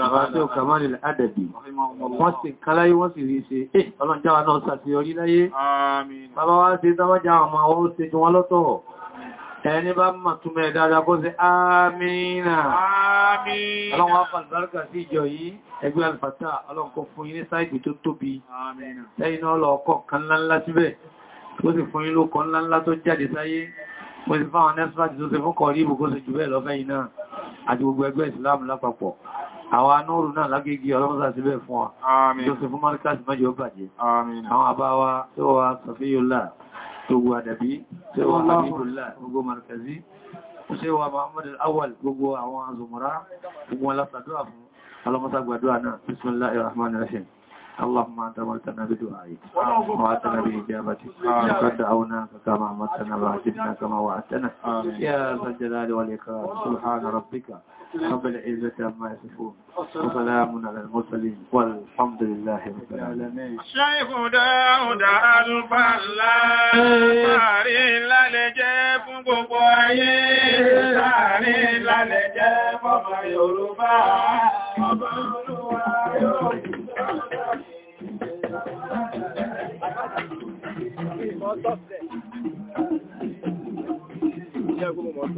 bàbá tí ó Kamal al-Adabi wọ́n sì káláyé wọ́n sì rí ṣe eh ọlọ́njáwa náà sàti orí láyé bàbá wa ṣe tábájá ọmọ wọn ẹni bá mọ̀ túnmẹ̀ dáadáa kó sí àmìnà ọlọ́run wá fàlbárkà sí ìjọ yìí ẹgbẹ́ alfàtà ọlọ́run kó fún yín ní sáìdì tó tóbi lẹ́yìn náà lọ ọkọ̀ kan ńláńlá síbẹ̀ ó sì fún yín lókọ ńláńlá tó jáde sáyé mo sì fáwọn nẹ́sìláti tó ṣe fún kọ̀ọ̀rí ìbò kó sì jù bẹ́ẹ̀ lọ́fẹ́ iná àti gbogbo ẹgbẹ́ ìsìláàmù lápapọ̀ àwọn anóòrùn náà lágégi ọlọ́run síbẹ̀ fún wa tó ṣe fún mọ́ríkà mọ́jọ́ bàjẹ́ àwọn àbáwa tó wà sọ̀fíyọ́lá gbogbo àdàbí ṣẹ́wà Abidullah gbogbo markazi ṣẹ́wà Muhammad al awal, gbogbo àwọn azùmọ́ra gbogbo alásàdúwà fún alamọ́sàgbàdúwà náà bismillahir rahmanir rahim اللهم انت امرتنا بدعائك وعدتنا باجابتك وقد دعوناك كما امرتنا وعدتنا كما وعدتنا يا ذا الجلال والاكرام سبحان ربك رب العزة عما يصفون وسلام على المرسلين والحمد لله رب العالمين الشيخ داود الفلا ساري للجẹ́ fún gbogbo ayé sáré lálẹ́jẹ́ fọ́mọ Yorùbá